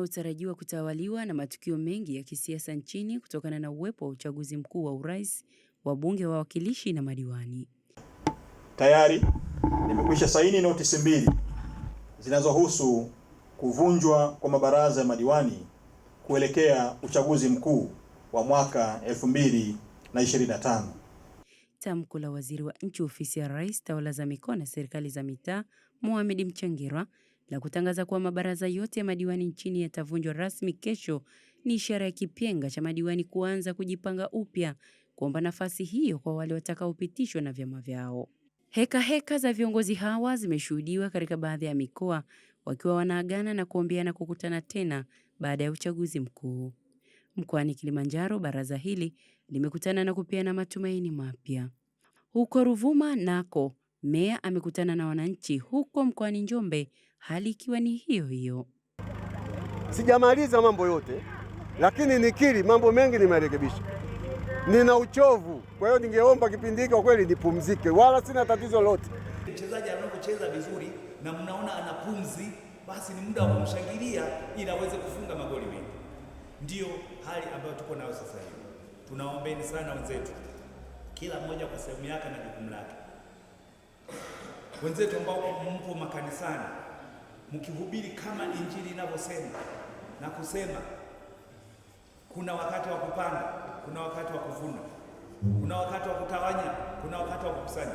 linalotarajiwa kutawaliwa na matukio mengi ya kisiasa nchini kutokana na uwepo wa uchaguzi mkuu wa urais, wabunge, wawakilishi na madiwani. Tayari nimekwisha saini notisi mbili zinazohusu kuvunjwa kwa mabaraza ya madiwani kuelekea uchaguzi mkuu wa mwaka 2025. Tamko la Waziri wa Nchi, Ofisi ya Rais, Tawala za Mikoa na Serikali za Mitaa, Mohamed Mchengerwa la kutangaza kuwa mabaraza yote ya madiwani nchini yatavunjwa rasmi kesho ni ishara ya kipenga cha madiwani kuanza kujipanga upya kuomba nafasi hiyo kwa wale watakaopitishwa na vyama vyao. Heka heka za viongozi hawa zimeshuhudiwa katika baadhi ya mikoa wakiwa wanaagana na kuombeana kukutana tena baada ya uchaguzi mkuu. Mkoani Kilimanjaro, baraza hili limekutana na kupeana matumaini mapya. Huko Ruvuma nako meya amekutana na wananchi, huko mkoani Njombe hali ikiwa ni hiyo hiyo. Sijamaliza mambo yote, lakini nikiri mambo mengi nimerekebisha. Nina uchovu, kwa hiyo ningeomba kipindi hiki kwa kweli nipumzike, wala sina tatizo lote. Mchezaji anapocheza vizuri na mnaona ana pumzi, basi ni muda wa kumshangilia ili aweze kufunga magoli mengi. Ndiyo hali ambayo tuko nayo sasa hivi. Tunaombeni sana wenzetu, kila mmoja kwa sehemu yake na jukumu lake. Wenzetu ambao mpo makanisani mkihubiri kama injili inavyosema na kusema, kuna wakati wa kupanda, kuna wakati wa kuvuna, kuna wakati wa kutawanya, kuna wakati wa kukusanya.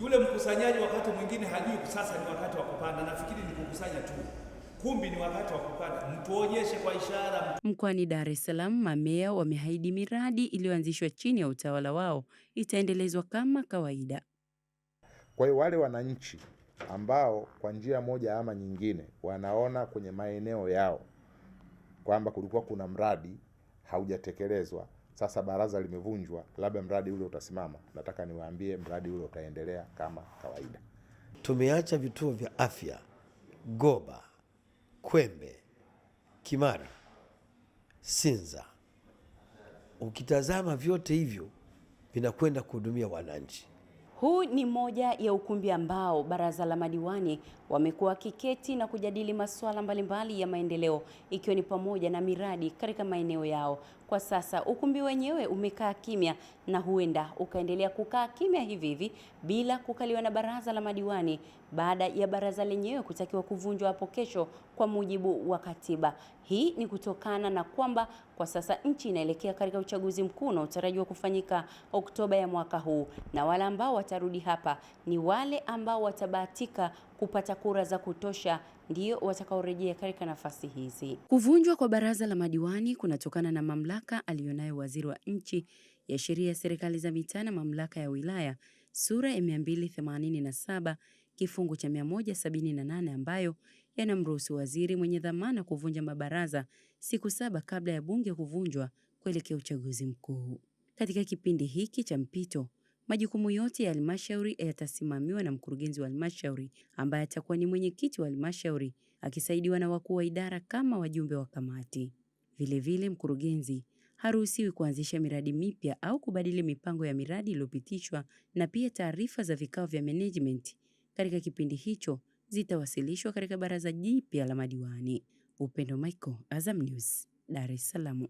Yule mkusanyaji wakati mwingine hajui sasa ni wakati wa kupanda, nafikiri ni kukusanya tu kumbi ni wakati wa kupanda, mtuonyeshe kwa ishara. Mkoani Dar es Salaam, mamea wameahidi miradi iliyoanzishwa chini ya utawala wao itaendelezwa kama kawaida. Kwa hiyo wale wananchi ambao kwa njia moja ama nyingine wanaona kwenye maeneo yao kwamba kulikuwa kuna mradi haujatekelezwa, sasa baraza limevunjwa, labda mradi ule utasimama. Nataka niwaambie mradi ule utaendelea kama kawaida. Tumeacha vituo vya afya Goba, Kwembe, Kimara, Sinza. Ukitazama vyote hivyo vinakwenda kuhudumia wananchi. Huu ni moja ya ukumbi ambao baraza la madiwani wamekuwa kiketi na kujadili masuala mbalimbali ya maendeleo ikiwa ni pamoja na miradi katika maeneo yao. Kwa sasa ukumbi wenyewe umekaa kimya na huenda ukaendelea kukaa kimya hivi hivi bila kukaliwa na baraza la madiwani baada ya baraza lenyewe kutakiwa kuvunjwa hapo kesho kwa mujibu wa katiba. Hii ni kutokana na kwamba kwa sasa nchi inaelekea katika uchaguzi mkuu unaotarajiwa kufanyika Oktoba ya mwaka huu na wale ambao watarudi hapa ni wale ambao watabahatika kupata kura za kutosha ndio watakaorejea katika nafasi hizi. Kuvunjwa kwa baraza la madiwani kunatokana na mamlaka aliyonayo waziri wa nchi ya sheria ya serikali za mitaa na mamlaka ya wilaya sura ya 287 kifungu cha 178 ambayo yanamruhusu waziri mwenye dhamana kuvunja mabaraza siku saba kabla ya bunge kuvunjwa kuelekea uchaguzi mkuu. Katika kipindi hiki cha mpito Majukumu yote ya halmashauri yatasimamiwa na mkurugenzi wa halmashauri ambaye atakuwa ni mwenyekiti wa halmashauri akisaidiwa na wakuu wa idara kama wajumbe wa kamati. Vilevile, mkurugenzi haruhusiwi kuanzisha miradi mipya au kubadili mipango ya miradi iliyopitishwa, na pia taarifa za vikao vya management katika kipindi hicho zitawasilishwa katika baraza jipya la madiwani. Upendo Michael, Azam News, Dar es Salaam.